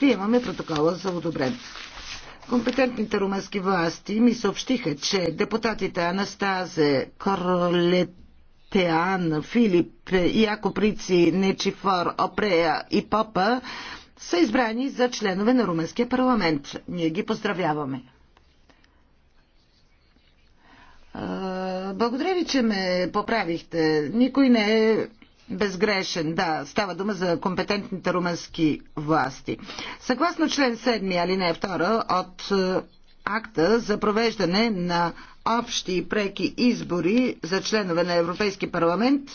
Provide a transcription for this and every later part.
Приемаме протокола за одобрен. Компетентните румънски власти ми съобщиха, че депутатите Анастазе Корлетеан, Филип, Яко Прици, Нечифор, Опрея и Попа са избрани за членове на румънския парламент. Ние ги поздравяваме. Благодаря ви, че ме поправихте. Никой не е Безгрешен, да. Става дума за компетентните румънски власти. Съгласно член 7, алинея 2 от е, акта за провеждане на общи и преки избори за членове на Европейски парламент,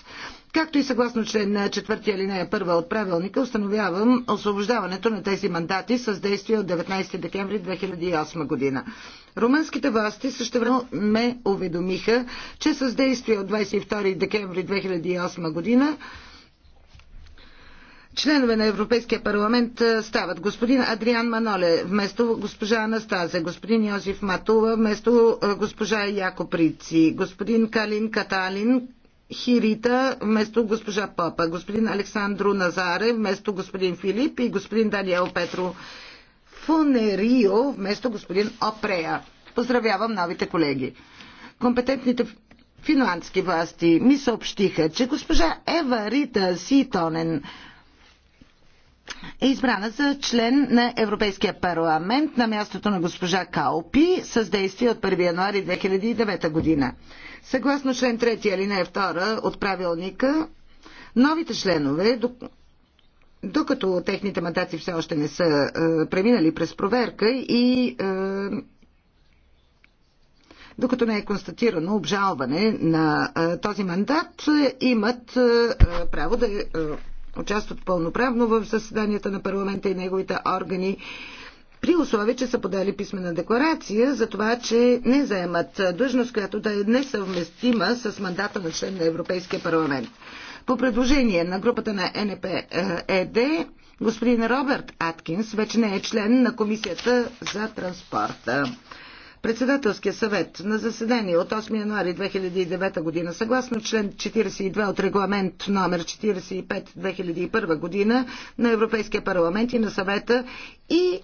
както и съгласно член 4 алинея 1 от правилника, установявам освобождаването на тези мандати с действие от 19 декември 2008 година. Румънските власти също време ме уведомиха, че с действие от 22 декември 2008 година членове на Европейския парламент стават господин Адриан Маноле вместо госпожа Анастазе, господин Йозиф Матула вместо госпожа Яко Прици, господин Калин Каталин Хирита вместо госпожа Попа, господин Александро Назаре вместо господин Филип и господин Даниел Петро Фонерио вместо господин Опрея. Поздравявам новите колеги. Компетентните финландски власти ми съобщиха, че госпожа Ева Рита Ситонен е избрана за член на Европейския парламент на мястото на госпожа Каупи с действие от 1 януари 2009 година. Съгласно член 3 алинея 2 от правилника, новите членове, докато техните мандати все още не са е, преминали през проверка и е, докато не е констатирано обжалване на е, този мандат, имат право да участват пълноправно в заседанията на парламента и неговите органи при условие, че са подали писмена декларация за това, че не заемат длъжност, която да е несъвместима с мандата на член на Европейския парламент. По предложение на групата на НП ЕД, е господин Роберт Аткинс вече не е член на Комисията за транспорта. Председателския съвет на заседание от 8 януари 2009 година, съгласно член 42 от регламент номер 45 2001 година на Европейския парламент и на съвета и